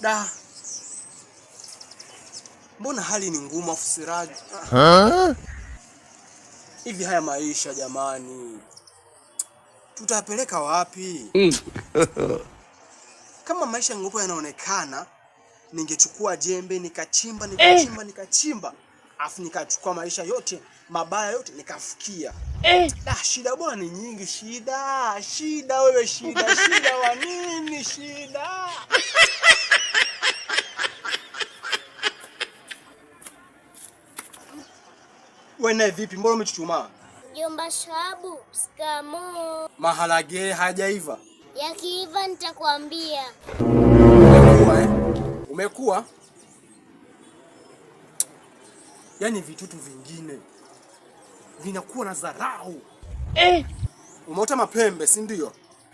Da. Mbona hali ni ngumu afu Siraji? Hivi haya maisha jamani. Tutapeleka wapi? Mm. Kama maisha ngupo yanaonekana, ningechukua jembe nikachimba eh. nikachimba nikachimba, afu nikachukua maisha yote mabaya yote nikafukia. Eh. Ah, shida bwana ni nyingi, shida shida, wewe shida shida wa nini shida? Wewe naye vipi? Mbona umechuchumaa? Jomba Shabu, skamo. Maharage hajaiva. Yakiiva nitakwambia. Umekuwa eh? Umekuwa? Yaani vitutu vingine vinakuwa na dharau. Eh, umeota mapembe, si ndio?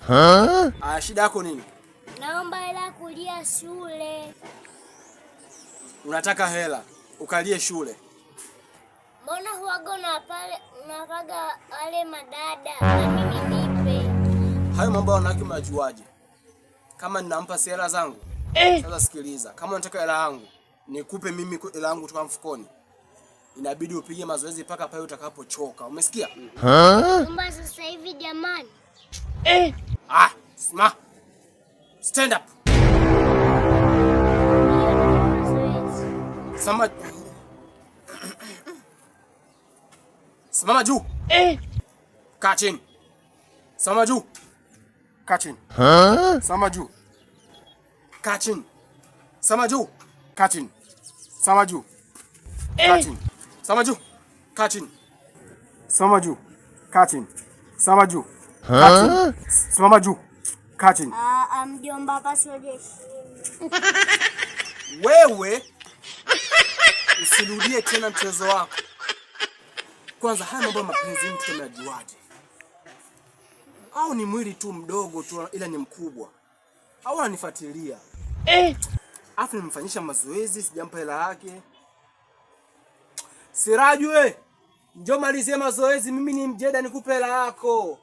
Ha? Ah, shida yako nini? Naomba hela kulia shule. Unataka hela ukalie shule? Mbona huwaga unawapaga wale madada na mimi nipe? Hayo mambo ya wanawake unajuaje? Kama ninampa sera zangu? Eh. Sasa sikiliza, kama unataka hela yangu nikupe mimi hela yangu toka mfukoni, inabidi upige mazoezi mpaka pale utakapochoka. Umesikia? Kumbe sasa hivi jamani. Eh. Ah, sma. Stand up. Sama, Simama juu. Eh. Kaa chini. Simama juu. Kaa chini. Huh? Simama juu. Kaa chini. Simama juu. Kaa chini. Simama juu. Eh. Kaa chini. Simama juu. Kaa chini. Simama juu. Kaa chini. Simama juu. Huh? Simama juu. Kaa chini. Ah, ah mjomba hapa sio jeshi. Wewe usirudie tena mchezo wako. Kwanza haya mambo ya mapenzi mtu anajuaje? Au ni mwili tu mdogo tu ila ni mkubwa? Au ananifuatilia? Eh. Afu nimfanyisha mazoezi sijampa hela yake. Siraju Njoo malizie mazoezi mimi ni mjeda nikupe hela yako.